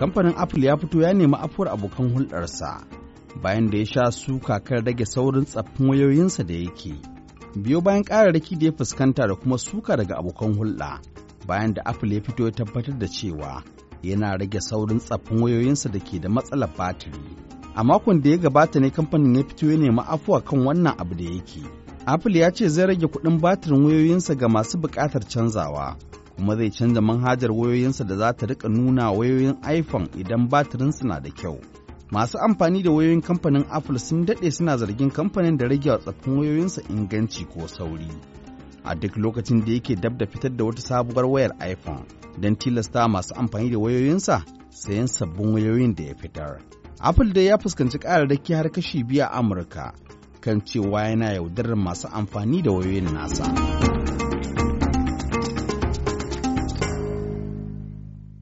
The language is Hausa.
kamfanin apple ya fito ya nemi afuwar abokan hulɗarsa bayan da ya sha suka kan rage saurin tsaffin wayoyinsa da yake biyo bayan ƙararraki da ya fuskanta da kuma suka daga abokan hulɗa bayan da apple ya fito ya tabbatar da cewa yana rage saurin tsaffin wayoyinsa da ke da matsalar batiri a makon da ya gabata ne kamfanin ya fito ya nemi afuwa kan wannan abu da yake apple ya ce zai rage kuɗin batirin wayoyinsa ga masu buƙatar canzawa kuma zai canza manhajar wayoyinsa da za ta rika nuna wayoyin iphone idan batirinsu na da kyau masu amfani da wayoyin kamfanin apple sun daɗe suna zargin kamfanin da rage tsaffin wayoyinsa inganci ko sauri a duk lokacin da yake dab da fitar da wata sabuwar wayar iphone don tilasta masu amfani da wayoyinsa sayan sabbin wayoyin da ya fitar apple dai ya fuskanci ƙararraki har kashi biya amurka kan cewa yana yaudarar masu amfani da wayoyin nasa.